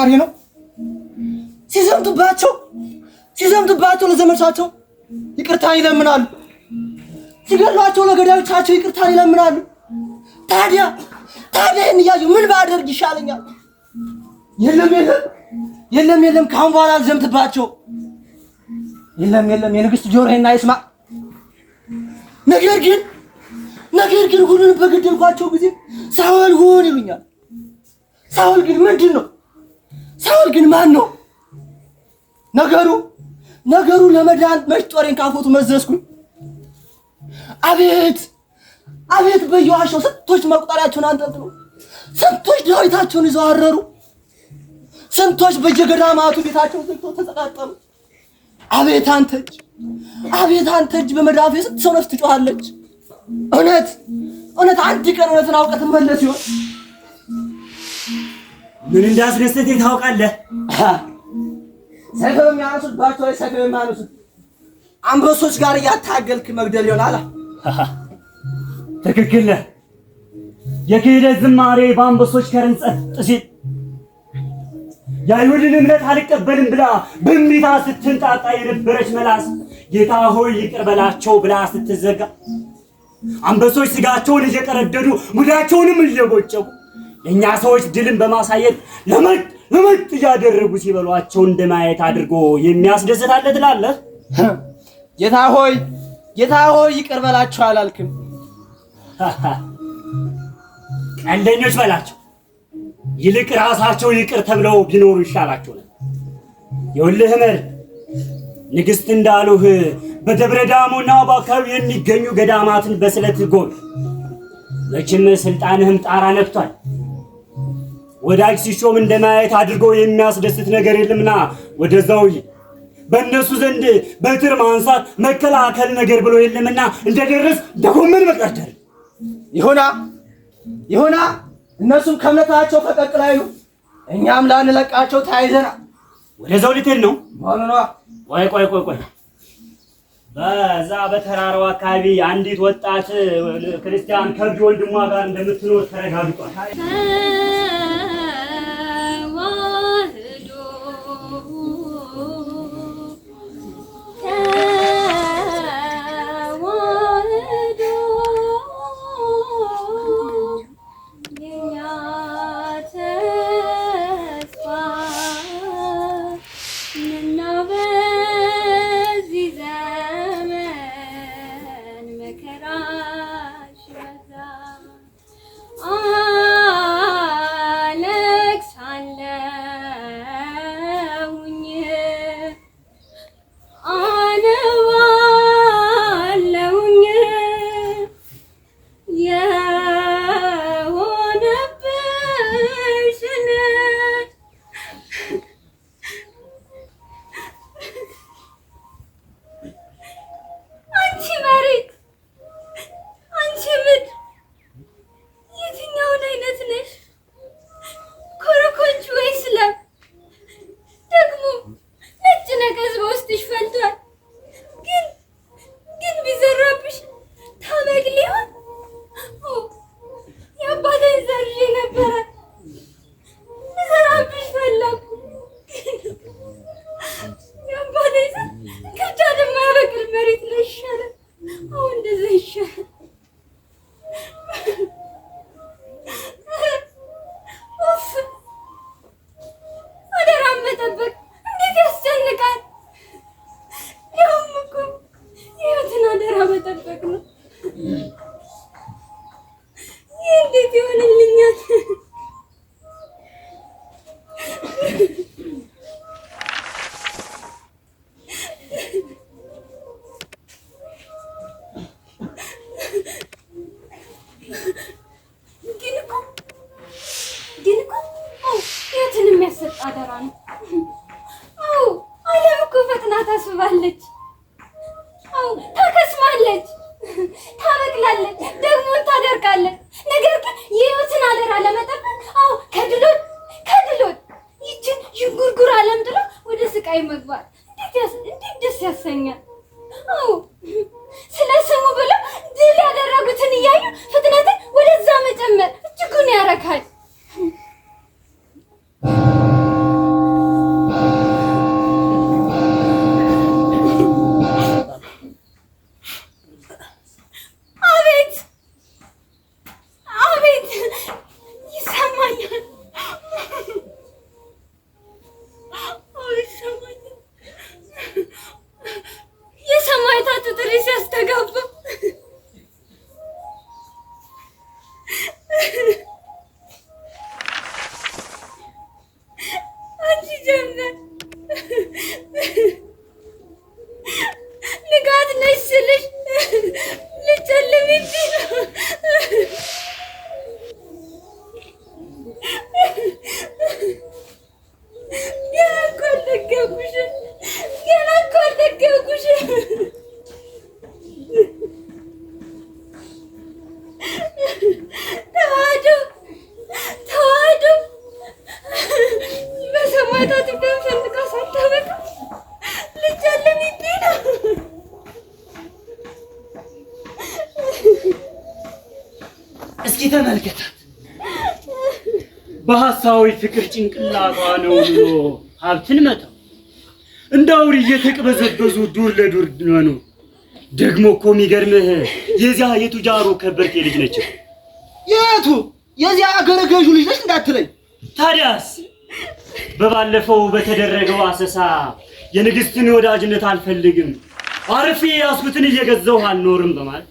ጥንካሬ ነው። ሲዘምትባቸው ሲዘምትባቸው ለዘመቻቸው ይቅርታ ይለምናሉ። ሲገሏቸው ለገዳዮቻቸው ይቅርታ ይለምናሉ። ታዲያ ታዲያ ይህን እያዩ ምን ባደርግ ይሻለኛል? የለም የለም የለም የለም ካሁን በኋላ አልዘምትባቸው። የለም የለም የንግስት ጆሮ ይሄን አይስማ። ነገር ግን ነገር ግን ሁሉንም በገደልኳቸው ጊዜ ሳውል ሁን ይሉኛል። ሳውል ግን ምንድን ነው ሳውል ግን ማን ነው ነገሩ? ነገሩ ለመዳን መች ጦሬን ካፎቱ መዘዝኩኝ። አቤት አቤት፣ በየዋሻው ስንቶች መቁጠሪያቸውን አንጠጥሉ ስንቶች ዳዊታቸውን ይዘው አረሩ። ስንቶች በየገዳማቱ ቤታቸውን ዘግተው ተሰቃጠሉ። አቤት አንተ እጅ፣ አቤት አንተ እጅ፣ በመዳፌ ስንት ሰው ነፍስ ትጮኻለች። እውነት እውነት አንድ ቀን እውነትን አውቀት መለስ ይሆን? ምን እንዳስደሰተኝ ታውቃለህ? ሰይፍ የሚያነሱት ባቸው ላይ ሰይፍ የሚያነሱት አንበሶች ጋር እያታገልክ መግደል ይሆናል። ትክክል ነህ። የክህደት ዝማሬ በአንበሶች ከረን ጸጥ ሲል የአይሁድን እምነት አልቀበልም ብላ በእምቢታ ስትንጣጣ የነበረች መላስ ጌታ ሆይ ይቅር በላቸው ብላ ስትዘጋ አንበሶች ስጋቸውን እየቀረደዱ ሙዳቸውንም እየቦጨቁ የእኛ ሰዎች ድልን በማሳየት ለመጥ ለመጥ እያደረጉ ሲበሏቸው እንደማየት አድርጎ የሚያስደስታለ ትላለህ። ጌታ ሆይ ጌታ ሆይ ይቅር በላቸው አላልክም? ቀልደኞች በላቸው። ይልቅ ራሳቸው ይቅር ተብለው ቢኖሩ ይሻላቸው ነ የውልህ መር ንግሥት እንዳሉህ በደብረ ዳሞና በአካባቢ የሚገኙ ገዳማትን በስለት ጎብኝ። መቼም ስልጣንህም ጣራ ነክቷል። ወዳጅ ሲሾም እንደማየት አድርጎ የሚያስደስት ነገር የለምና ወደዛው በእነሱ ዘንድ በትር ማንሳት መከላከል ነገር ብሎ የለምና እንደደረስ ደጎምን መቀርደር ይሁና ይሁና። እነሱም ከእምነታቸው ፈቀቅ ላይሉ እኛም ላንለቃቸው ተያይዘና ወደዛው ልትሄድ ነው። ቆይ ቆይ ቆይ ቆይ በዛ በተራራው አካባቢ አንዲት ወጣት ክርስቲያን ከብድ ወንድሟ ጋር እንደምትኖር ተረጋግጧል። I want art እንመርቃለን። ነገር ግን የህይወትን አደራ ለመጠበቅ አዎ ከድሎት ከድሎት ይችን ይጉርጉር አለም ጥሎ ወደ ስቃይ መግባት እንዴት ደስ ያሰኛል። Cemre. የነፍሳዊ ፍቅር ጭንቅላቷ ነው ብሎ ሀብትን መተው እንደ አውሬ እየተቅበዘበዙ ዱር ለዱር መኖር። ደግሞ እኮ የሚገርምህ የዚያ የቱጃሩ ከበርቴ ልጅ ነች። የቱ የዚያ ገዡ ልጅ ነች እንዳትለኝ። ታዲያስ በባለፈው በተደረገው አሰሳ የንግስትን ወዳጅነት አልፈልግም አርፌ ያስኩትን እየገዛሁ አልኖርም በማለት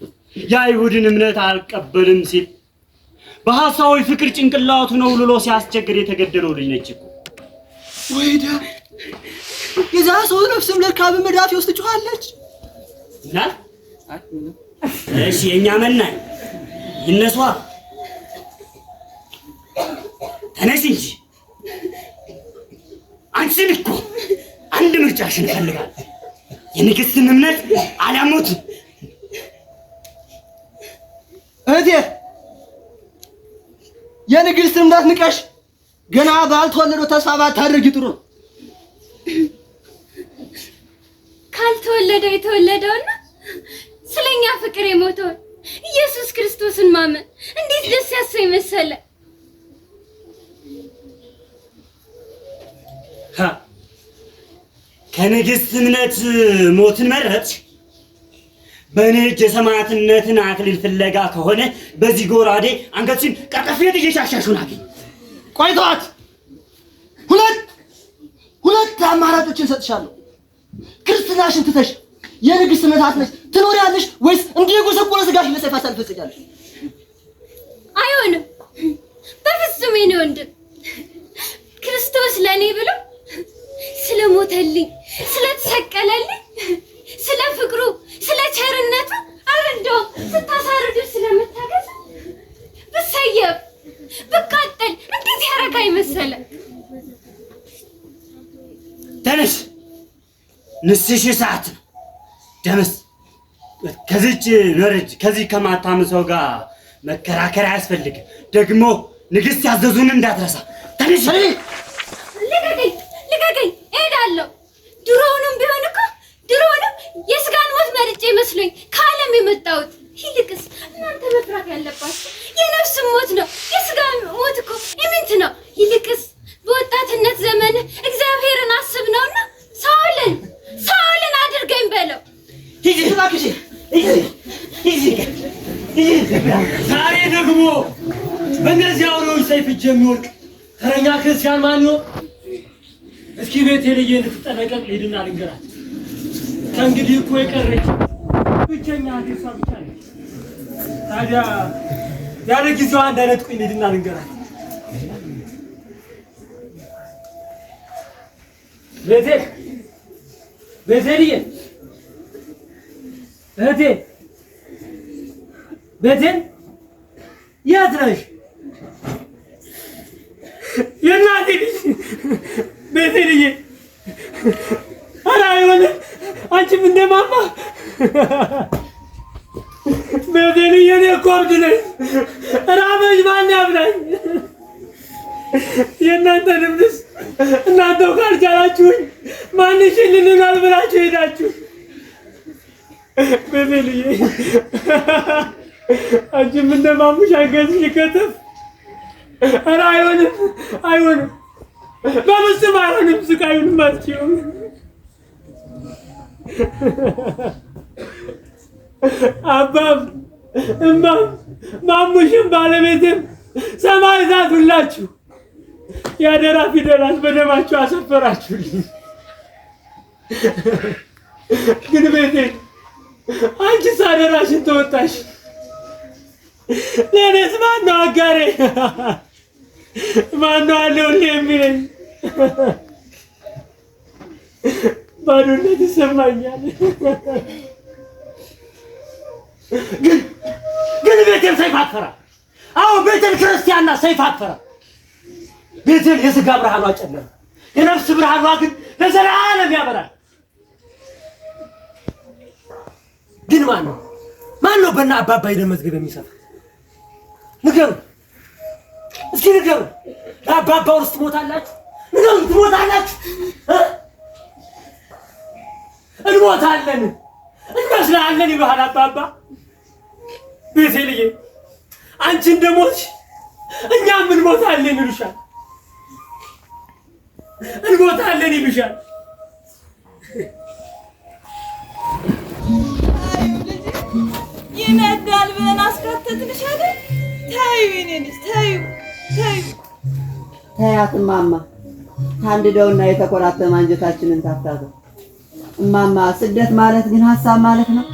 የአይሁድን እምነት አልቀበልም ሲል በሐሳዊ ፍቅር ጭንቅላቱ ነው ልሎ ሲያስቸግር የተገደለው ልጅ ነች እኮ። ወይዳ የዛ ሰው ነፍስም ለካብ መዳፊ ውስጥ ጮኻለች። እሺ የኛ መናኝ ይነሷ ተነሽ እንጂ አንቺን እኮ አንድ ምርጫሽን እፈልጋለሁ። የንግስትን እምነት አላሞት እህቴ የንግሥትን እምነት ንቀሽ ገና ባልተወለደው ተስፋ ባታደርጊ ጥሩ ነው። ካልተወለደው የተወለደውና ስለኛ ፍቅር የሞተውን ኢየሱስ ክርስቶስን ማመን እንዴት ደስ ያሰኝ መሰለ። ከንግሥት እምነት ሞትን መረጥሽ። በእኔ እጅ የሰማዕትነትን አክሊል ፍለጋ ከሆነ በዚህ ጎራዴ አንገትሽን ቀጠፌ እየሻሻሹን አገኝ። ቆይተዋት ሁለት ሁለት አማራጮችን ሰጥሻለሁ። ክርስትናሽን ትተሽ የንግስት መታት ነሽ ትኖሪያለሽ፣ ወይስ እንዲህ የጎሰቆለ ስጋሽ ለሰይፍ አሳልፈሽ ትሰጫለሽ? አይሆንም፣ በፍጹም የኔ ወንድም ክርስቶስ ለእኔ ብሎ ስለሞተልኝ ስለተሰቀለልኝ እንደው ስታሳርድ ስለምታገዝ ብሰየብ ብቃጠል እንዴት ያረጋይ መሰለ። ተነሽ ንስሽ ሰዓት ነው። ደምስ ከዚች ነርጅ ከዚህ ከማታም ሰው ጋር መከራከር አያስፈልግም። ደግሞ ንግስት ያዘዙን እንዳትረሳ። ተነሽ ልቀቀኝ፣ ልቀቀኝ፣ እሄዳለሁ። ድሮውንም ቢሆን እኮ ድሮውንም የስጋ የመጣ ይመስለኝ ከዓለም የመጣሁት። ይልቅስ እናንተ መፍራት ያለባችሁ የነፍስ ሞት ነው። የስጋ ሞት እኮ የምንት ነው። ይልቅስ በወጣትነት ዘመን እግዚአብሔርን አስብ ነውና ሳውልን ሳውልን አድርገኝ በለው። ዛሬ ደግሞ በእነዚህ አውሬዎች ሰይፍ እጅ የሚወድቅ ተረኛ ክርስቲያን ማን ነው? እስኪ ቤት የልየ ልትጠነቀቅ ሄድና ልንገራት። ከእንግዲህ እኮ የቀረች ብቸኛ እሷ ብቻ ነች። ታዲያ ያለ ጊዜዋ እንዳይነጥቁኝ እንሂድና ልንገራት። ቤቴል ቤቴልዬ፣ እህቴ ቤቴል፣ የት ነሽ? የእናቴ ልጅ ቤቴልዬ ኧረ አይሆንም። አንቺም እንደማማ በቤኑ የኔ እኮ እብድ ነኝ። ኧረ ማን ያብላኝ? የእናንተ ድምፅ እናንተው ካልቻላችሁኝ ማን ይሽልልናል ብላችሁ ሄዳችሁ በቤንዬ አንቺም እንደማሙሽ አንገትሽ ይከተፍ። ኧረ አይሆንም አይሆንም፣ በምስም አይሆንም። ስቃዩንም አትችይውም። አባም እማም ማሙሽም ባለቤትም ሰማዕታት ሁላችሁ የአደራ ፊደላት በደማችሁ አሰፈራችሁልኝ። ግን ቤቴ አንቺስ አደራሽን ተወጣሽ። ለእኔስ ማነው አጋሬ? ማነው አለሁልህ የሚለኝ? ባዶነት ይሰማኛል። ግን ቤቴል ሰይፍ አትፈራ። አዎ ቤቴል ክርስቲያንና ሰይፍ አትፈራ። ቤቴል የስጋ ብርሃኗ ጨለማ፣ የነፍስ ብርሃኗ ግን ለዘላለም ያበራል። ግን ማን ነው ማን ነው በእነ አባባ መዝገብ የሚሰራ ንገሩ እስኪ ንገሩ። ለአባባ ውስጥ ትሞታላችሁ፣ ንገሩ ትሞታላችሁ እንሞታለን፣ እንመስላለን ይባሃል አባባ ቤቴ ልዬ አንቺ እንደሞትሽ እኛም እንሞታለን ይሉሻል፣ እንሞታለን ይሉሻል። ይነዳል ብለን አስከተትንሽ ተይው ተይው ተይው። ታንድደውና የተኮራተመ አንጀታችንን ታታዘው እማማ ስደት ማለት ግን ሀሳብ ማለት ነው።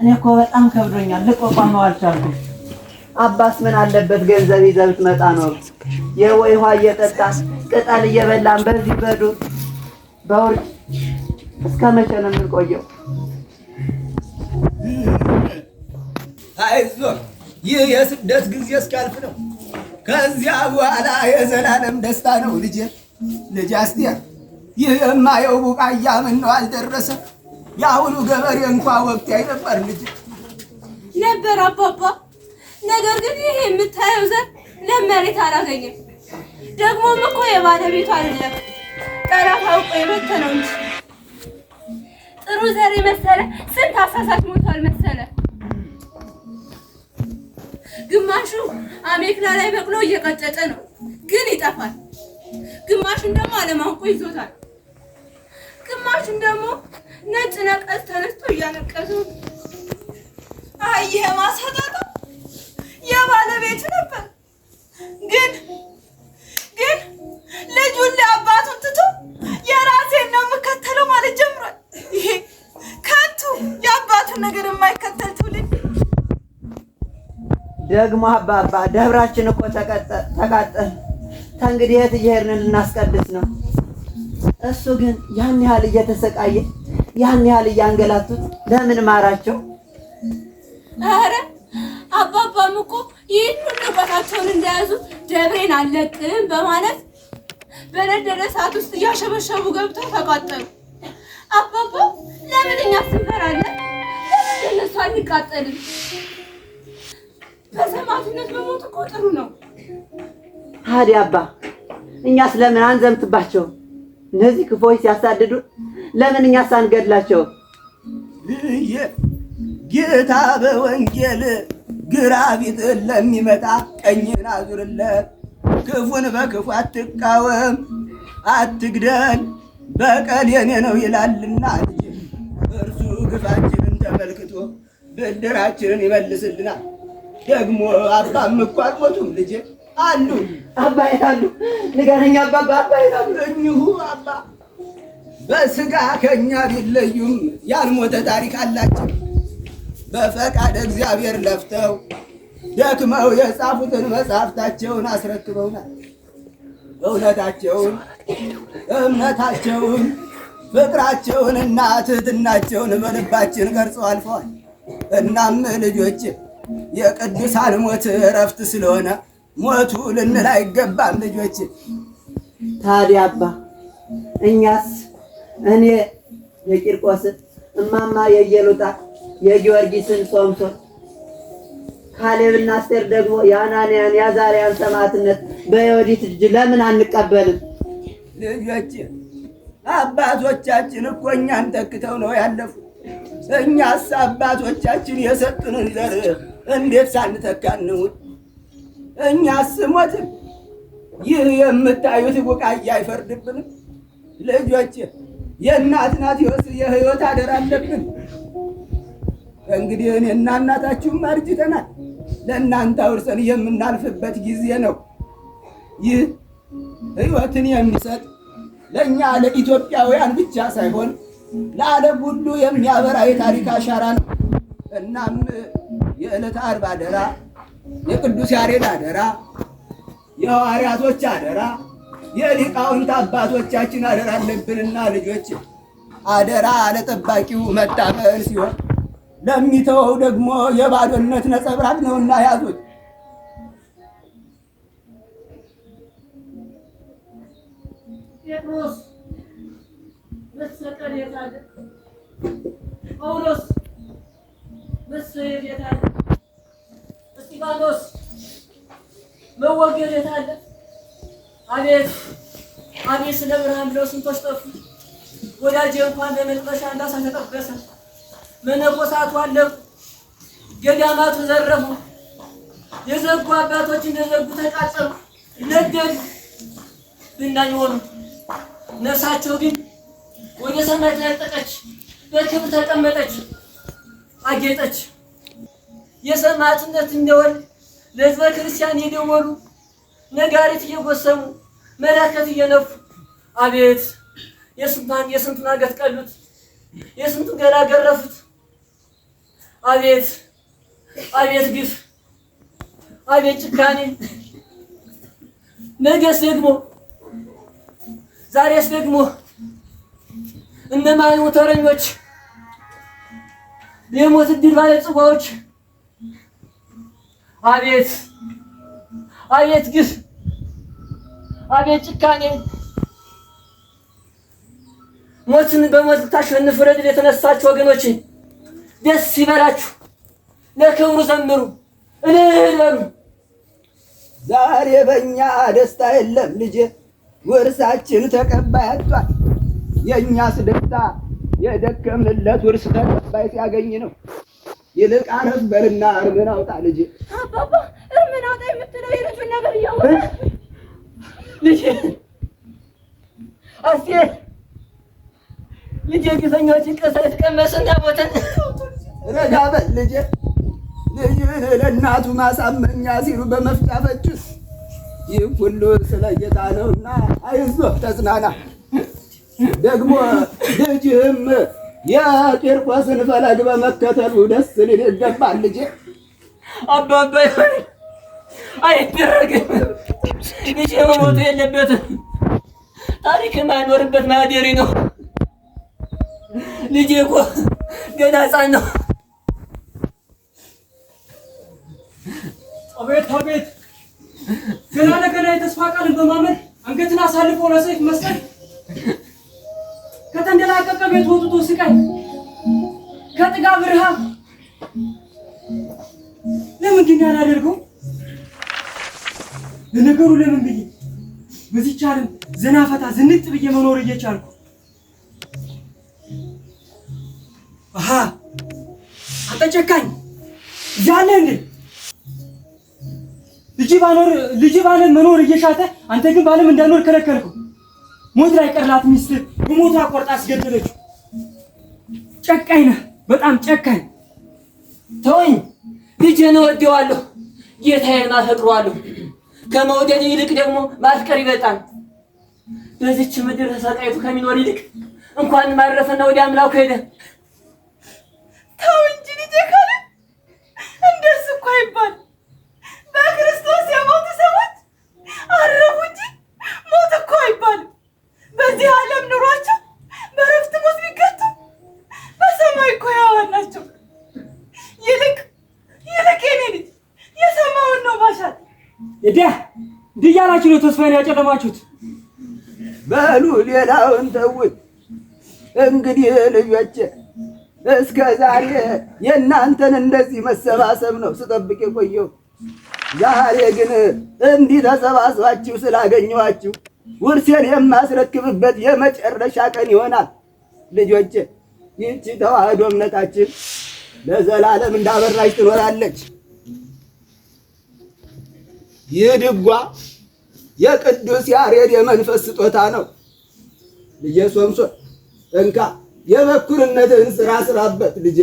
እኔ እኮ በጣም ከብዶኛል፣ ልቋቋመው አልቻልኩም። አባስ ምን አለበት ገንዘብ ይዘህ ብትመጣ ነው የወይ ውሃ እየጠጣን ቅጠል እየበላን በዚህ በዱር በውርጭ እስከ መቼ ነው የምንቆየው? አይዞህ፣ ይህ የስደት ጊዜ እስኪያልፍ ነው። ከዚያ በኋላ የዘላለም ደስታ ነው ልጄ ልጅ አስቴር ይህ የማየው ቡቃያ ምነው አልደረሰ? የአሁኑ ገበሬ እንኳ ወቅት አይነበር ልጅ ነበር አባባ። ነገር ግን ይህ የምታየው ዘር ለመሬት አላገኘም። ደግሞም እኮ የባለቤቱ አይደለም ጠላት አውቆ የበተነው እንጂ ጥሩ ዘር መሰለ ስንት አሳሳች ሞቷል መሰለ። ግማሹ አሜክላ ላይ በቅሎ እየቀጨጨ ነው፣ ግን ይጠፋል። ግማሹን ደግሞ አለማውቆ ይዞታል። ግማሹን ደግሞ ነጭ ነቀዝ ተነስቶ እያለቀሱ ይሄ ማሳጣቱ የባለቤቱ ነበር። ግን ግን ልጁን ለአባቱን ትቶ የራሴን ነው የምከተለው ማለት ጀምሯል። ይሄ ከንቱ የአባቱን ነገር የማይከተል ትውልድ ደግሞ አባባ ደብራችን እኮ ተቃጠል። ከእንግዲህ የት እየሄድን ልናስቀድስ ነው? እሱ ግን ያን ያህል እየተሰቃየ ያን ያህል እያንገላቱት ለምን ማራቸው? አረ አባባም እኮ ይህን ሁሉ እውቀታቸውን እንደያዙ ደብሬን አለቅም በማለት በነደረ ሰዓት ውስጥ እያሸበሸቡ ገብተው ተቃጠሉ። አባባ ለምን እኛ ስንፈራለን? ለምን እነሱ አንቃጠልም? በሰማዕትነት መሞት እኮ ጥሩ ነው። ታዲያ አባ እኛስ ለምን አንዘምትባቸው? እነዚህ ክፎች ሲያሳድዱ ለምን እኛ ሳንገድላቸው? ጌታ በወንጌል ግራ ቢጥል ለሚመጣ ቀኝን አዙርለት። ክፉን በክፉ አትቃወም፣ አትግደል፣ በቀል የኔ ነው ይላልና ልጅ እርሱ ግፋችንን ተመልክቶ ብድራችንን ይመልስልናል። ደግሞ አባም እኮ አልሞቱም ልጄ አሉ አባ ይላሉ። ንገረኝ አባባ አባ ይላሉ። እኚሁ አባ በስጋ ከእኛ ቢለዩም ያልሞተ ታሪክ አላቸው። በፈቃድ እግዚአብሔር ለፍተው ደክመው የጻፉትን መጽሐፍታቸውን አስረክበውናል። እውነታቸውን፣ እምነታቸውን፣ ፍቅራቸውን እና ትህትናቸውን በልባችን ቀርጸው አልፈዋል። እናም ልጆች የቅዱሳን ሞት እረፍት ስለሆነ ሞቱ ልንል አይገባም ልጆች። ታዲያ አባ እኛስ እኔ የቂርቆስን እማማ የየሉጣ የጊዮርጊስን ሶምሶን ካሌብና አስቴር ደግሞ የአናንያን የአዛርያን ሰማዕትነት በዮዲት እጅ ለምን አንቀበልም? ልጆች አባቶቻችን እኮ እኛን ተክተው ነው ያለፉ። እኛስ አባቶቻችን የሰጡንን ዘር እንዴት ሳንተካንውት እኛ ሞትን። ይህ የምታዩት ቡቃያ አይፈርድብንም። ልጆች የእናት ናት የህይወት አደራ አለብን። እንግዲህ እኔና እናታችሁም አርጅተናል። ለእናንተ አውርሰን የምናልፍበት ጊዜ ነው። ይህ ህይወትን የሚሰጥ ለእኛ ለኢትዮጵያውያን ብቻ ሳይሆን ለዓለም ሁሉ የሚያበራ የታሪክ አሻራ ነው። እናም የዕለተ ዓርብ አደራ የቅዱስ ያሬድ አደራ፣ የሐዋርያቶች አደራ፣ የሊቃውንት አባቶቻችን አደራ አለብንና ልጆች አደራ ለጠባቂው መታመን ሲሆን ለሚተወው ደግሞ የባዶነት ነጸብራቅ ነውና ያዙት። ጴጥሮስ መሰቀል የታለ? ጳውሎስ የታለ? እስጢፋኖስ መወገድ የት አለ? አቤት አቤት፣ ስለ ብርሃን ብለው ስንቶች ጠፉ። ወዳጅ እንኳን ለመጥበሻ እንዳሳ ተጠበሰ። መነኮሳቱ አለቁ፣ ገዳማቱ ዘረፉ፣ የዘጉ አባቶች እንደዘጉ ተቃጠሉ፣ ነደዱ፣ ብናኝ ሆኑ። ነፍሳቸው ግን ወደ ሰማይ ተነጠቀች፣ በክብር ተቀመጠች፣ አጌጠች። የሰማዕትነት እንደወል ለህዝበ ክርስቲያን የደወሉ ነጋሪት እየጎሰሙ መለከት እየነፉ አቤት የስንቱን የስንቱን አንገት ቀሉት፣ የስንቱን ገላ ገረፉት። አቤት አቤት ግፍ፣ አቤት ጭካኔ። ነገስ ደግሞ ዛሬስ ደግሞ እነማን ተረኞች የሞት ዕድል ባለጽዋዎች አቤት አቤት ግፍ አቤት ጭካኔ ሞትን በሞት ልታሸንፍ ረድል የተነሳችሁ ወገኖቼ ደስ ይበላችሁ፣ ለክብሩ ዘምሩ፣ እልል ዛሬ በእኛ ደስታ የለም ልጄ፣ ውርሳችን ተቀባይ አጧል። የእኛስ ደስታ የደከምንለት ውርስ ተቀባይ ሲያገኝ ነው። ይልቅ አረፍ በልና እርምህን አውጣ ልጄ። አባባ እርምህን አውጣ የምትለው የልጁን ነገር እያወራ ልጄ አስቴር ልጄ ግፈኞችን ቀሰት ቀመሱና ቦተን ረጋ በል ልጄ። ልጅህ ለእናቱ ማሳመኛ ሲሉ በመፍጫ ይህ ሁሉ ስለ ጌታ ነውና አይዞህ ተጽናና። ደግሞ ልጅህም የቂርቆስን ፈለግ በመከተሉ ደስ ሊል ይገባል። ልጄ አባባ ይሆን አይደረግም። ልጄ መሞቱ የለበትም። ታሪክ የማይኖርበት ማደሪ ነው። ልጄ እኮ ገና ሕፃን ነው። አቤት አቤት! ገና ለገና የተስፋ ቃልን በማመን አንገትን አሳልፎ ለሰይፍ መስጠት እንደላቀቀ ቤት ወጥቶ ስቃይ ከጥጋ ብርሃ ለምንድን ነው ያላደርገው? ለነገሩ ለምን ብዬ በዚች ዓለም ዘና ዝንጥ ብዬ መኖር እየቻልኩ አሃ አንተ ጨካኝ እንዴ ልጅ ባኖር ልጅ ባለም መኖር እየሻተ አንተ ግን ባለም እንዳኖር ከለከልኩ ሞት ላይ ቀርላት ሚስትህ በሞቷ ቆርጣ አስገደለችው። ጨካኝ ነህ፣ በጣም ጨካኝ። ተወኝ፣ ልጄን እወደዋለሁ፣ ጌታዬን አፈቅረዋለሁ። ከመውደድ ይልቅ ደግሞ ማፍቀር ይበጣል። በዚች ምድር ተሰቃይቱ ከሚኖር ይልቅ እንኳን ማረፈና ወደ አምላኩ ሄደ። ተስፋዬን ያጨለማችሁት? በሉ ሌላውን ተውት። እንግዲህ ልጆቼ እስከ ዛሬ የእናንተን እንደዚህ መሰባሰብ ነው ስጠብቅ የቆየው። ዛሬ ግን እንዲህ ተሰባስባችሁ ስላገኘኋችሁ ውርሴን የማስረክብበት የመጨረሻ ቀን ይሆናል። ልጆቼ ይህቺ ተዋህዶ እምነታችን ለዘላለም እንዳበራች ትኖራለች። ይህ ድጓ የቅዱስ ያሬድ የመንፈስ ስጦታ ነው። ልጄ ሶምሶን እንካ የበኩርነትህን ስራ ስራበት ልጄ፣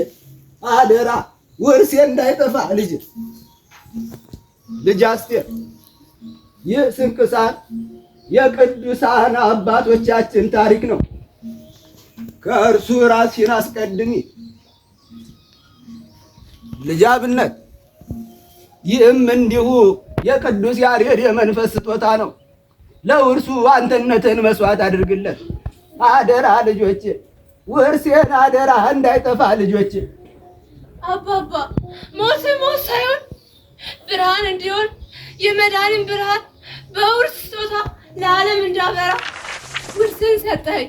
አደራ ወርሴ እንዳይጠፋ ልጄ። ልጅ አስቴር ይህ ስንክሳር የቅዱሳን አባቶቻችን ታሪክ ነው። ከእርሱ ራስሽን አስቀድሚ። ልጃብነት ይህም እንዲሁ የቅዱስ ያሬድ የመንፈስ ስጦታ ነው። ለውርሱ አንተነትን መስዋዕት አድርግለት። አደራ ልጆቼ፣ ውርሴን አደራ እንዳይጠፋ ልጆቼ። አባባ ሞት ሞት ሳይሆን ብርሃን እንዲሆን የመዳንን ብርሃን በውርስ ስጦታ ለዓለም እንዳበራ ውርስን ሰጠኝ።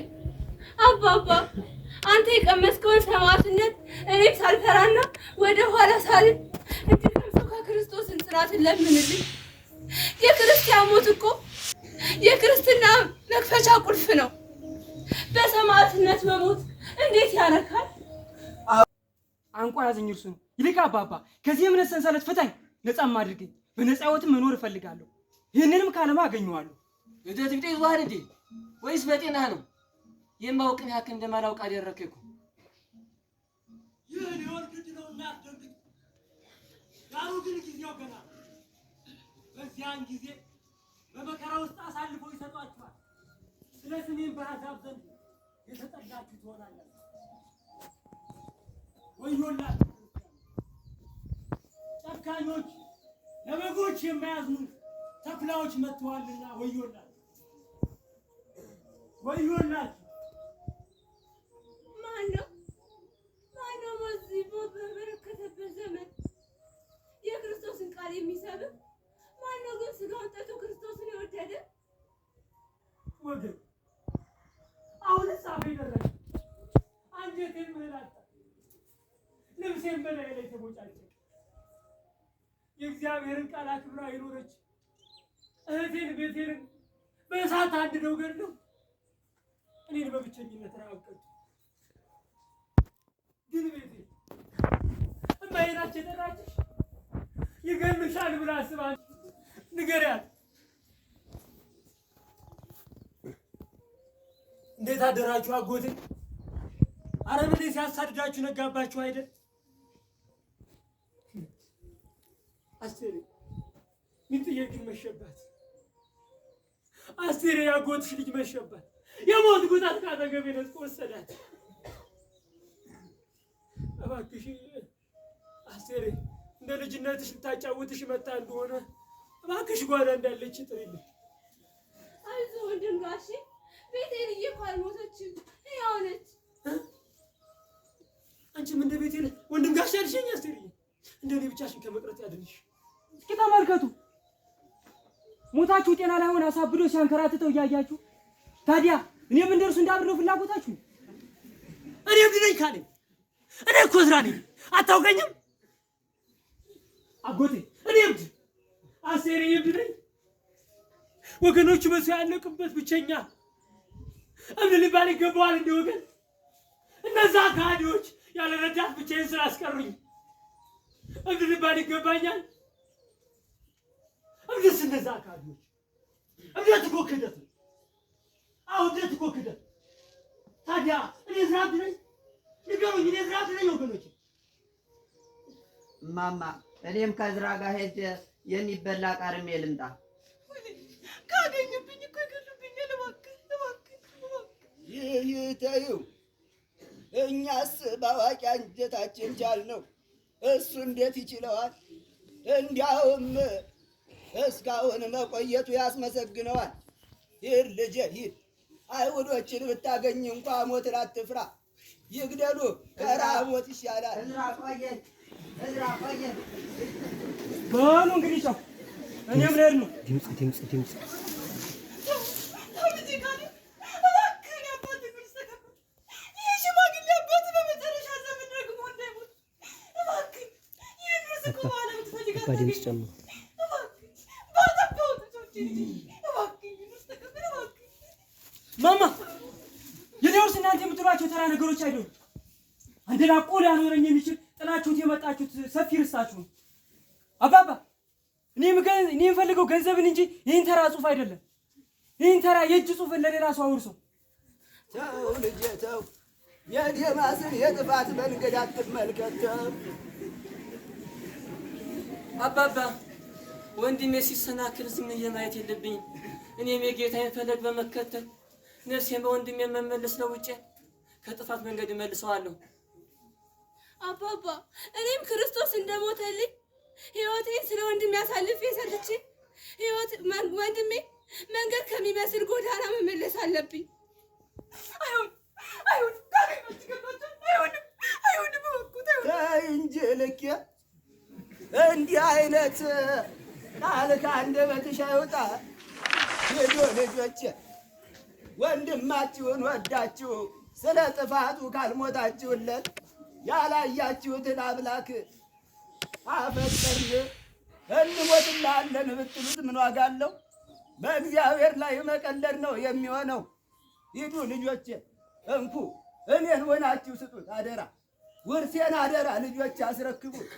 አባባ አንተ የቀመስከውን ሰማዕትነት እኔ ሳልፈራና ወደ ኋላ ሳልን የክርስቶስን ስርዓት ለምንልኝ። የክርስቲያን ሞት እኮ የክርስትና መክፈቻ ቁልፍ ነው። በሰማዕትነት መሞት እንዴት ያረካል! አንቋ ያዘኝ እርሱ ነው። ይልቅ አባባ ከዚህ የእምነት ሰንሰለት ፍታኝ፣ ነፃም አድርገኝ። በነፃ ህይወትም መኖር እፈልጋለሁ። ይህንንም ካለማ አገኘዋለሁ። የደትግዴ ይዋህል እንዴ ወይስ በጤና ነው? የማውቅን ያክል እንደማላውቅ አደረግህ እኮ ዳሩ ግን ጊዜው ገና በዚያን ጊዜ በመከራ ውስጥ አሳልፎ ይሰጧችኋል። ስለ ስሜም በአሕዛብ ዘንድ የተጠላችሁ ትሆናላችሁ። ወዮላችሁ ጨካኞች፣ ለበጎች የማያዝኑ ተኩላዎች መጥተዋልና ወዮላችሁ፣ ወዮላችሁ። ማነው ማነው በዚህ በበረከተበት ዘመን ቃል የሚሰብክ ማነው ግን ስጋ ወጣቱ ክርስቶስን የወደደ ወገን? አሁንስ አፌ ደረቀ፣ አንጀቴም ምህል አጣ፣ ልብሴም ላይ ተቦጫጨ። የእግዚአብሔርን ቃል አክብራ አይኖረች እህቴን ቤቴን በእሳት አንድደው ገድለው እኔን በብቸኝነት ራቀቱ። ግን ቤቴ እማዬ የጠራችሽ ይገልሻል ብላ አስባን ንገሪያት። እንዴት አደራችሁ አጎቴ? አረምን ሲያሳድዳችሁ ነጋባችሁ አይደል? አስቴር ምን ጥያቄ መሸባት? አስቴር ያጎትሽ ልጅ መሸባት። የሞት ጉጣት ካጠገቤ ነጥቆ ወሰዳት። እባክሽ አስቴር እንደ ልጅነትሽ ልታጫውትሽ መጣ እንደሆነ እባክሽ ጓዳ እንዳለች ጥሪልኝ። አይዞ ወንድም ጋሼ፣ ቤቴን እኮ ሞተች ሕያው ነች። አንቺም እንደ ቤቴል ወንድም ጋሽ አልሽኝ። አስቴርዬ፣ እንደ እኔ ብቻሽን ከመቅረት ያድንሽ። እስኪ ተመልከቱ፣ ሞታችሁ ጤና ላይሆን አሳብዶ ሲያንከራትተው እያያችሁ፣ ታዲያ እኔም እንደርሱ እንዳብር ነው ፍላጎታችሁ። እኔ ግን ነኝ ካለኝ እኔ ኮዝራ ነኝ፣ አታውቀኝም አጎቴ እኔ እብድ አሴሬ እብድ ነኝ። ወገኖቹ መስው ያለቅበት ብቸኛ እብድ ሊባል ይገባዋል። እንደ ወገን እነዛ ከሃዲዎች ያለ ረዳት ብቻዬን ስላስቀሩኝ እብድ ሊባል ይገባኛል። እብድስ እነዛ ከሃዲዎች እብደት እኮ ክደት ነው። አዎ እብደት እኮ ክደት። ታዲያ እኔ ስራ ነኝ? ንገሩኝ፣ እኔ ስራ ነኝ? ወገኖች እማማ እኔም ከዝራ ጋር ሄጄ የሚበላ ቃርሜ ልምጣ። ካገኘብኝ እኮ ይገሉብኝ። እባክህ እባክህ እባክህ እኛስ በአዋቂ አንጀታችን ቻልነው፣ እሱ እንዴት ይችለዋል? እንዲያውም እስካሁን መቆየቱ ያስመሰግነዋል። ሂድ ልጄ ሂድ። አይሁዶችን ብታገኝ እንኳ ሞትን አትፍራ። ይግደሉ፣ ከረሃብ ሞት ይሻላል። በሉ እንግዲህ ጫው እኔም ልሄድ ነው። ድምፅ ድምፅ ድምፅ ድምፅ ጨምሮ ማማ የኔ ውርስ እናንተ የምትሏቸው ተራ ነገሮች አይደሉም። አንድ ላቆ ላኖረኝ የሚችል ጥላችሁት የመጣችሁት ሰፊ ርስታችሁ ነው። አባባ እኔ የምፈልገው ገንዘብን እንጂ ይህን ተራ ጽሁፍ አይደለም። ይህን ተራ የእጅ ጽሑፍን ለሌላ ሰው አውርሶ ተው ልጄ ተው። የዴማስን የጥፋት መንገድ አባባ ወንድሜ ሲሰናክል ዝም የማየት የለብኝም። እኔም የጌታዬን ፈለግ በመከተል ነፍሴ በወንድሜ መመለስ ለውጬ ከጥፋት መንገድ እመልሰዋለሁ። አባባ እኔም ክርስቶስ እንደሞተልኝ ህይወቴን ስለ ወንድሜ አሳልፌ ሰጥቼ ህይወት ወንድሜ መንገድ ከሚመስል ጎዳና መመለስ አለብኝ። አይሁን እንጂ ልኬ እንዲህ አይነት ቃል ከአንደበትሽ አይውጣ። ሄዶ ልጆቼ ወንድማችሁን ወዳችሁ ስለ ጥፋቱ ካልሞታችሁለት ያላያችሁትን አምላክ አፈጠርን እንሞትላለን ብትሉት ምን ዋጋ አለው? በእግዚአብሔር ላይ መቀለድ ነው የሚሆነው። ሂዱ ልጆቼ፣ እንኩ እኔን ሆናችሁ ስጡት አደራ፣ ውርሴን አደራ ልጆች አስረክቡት።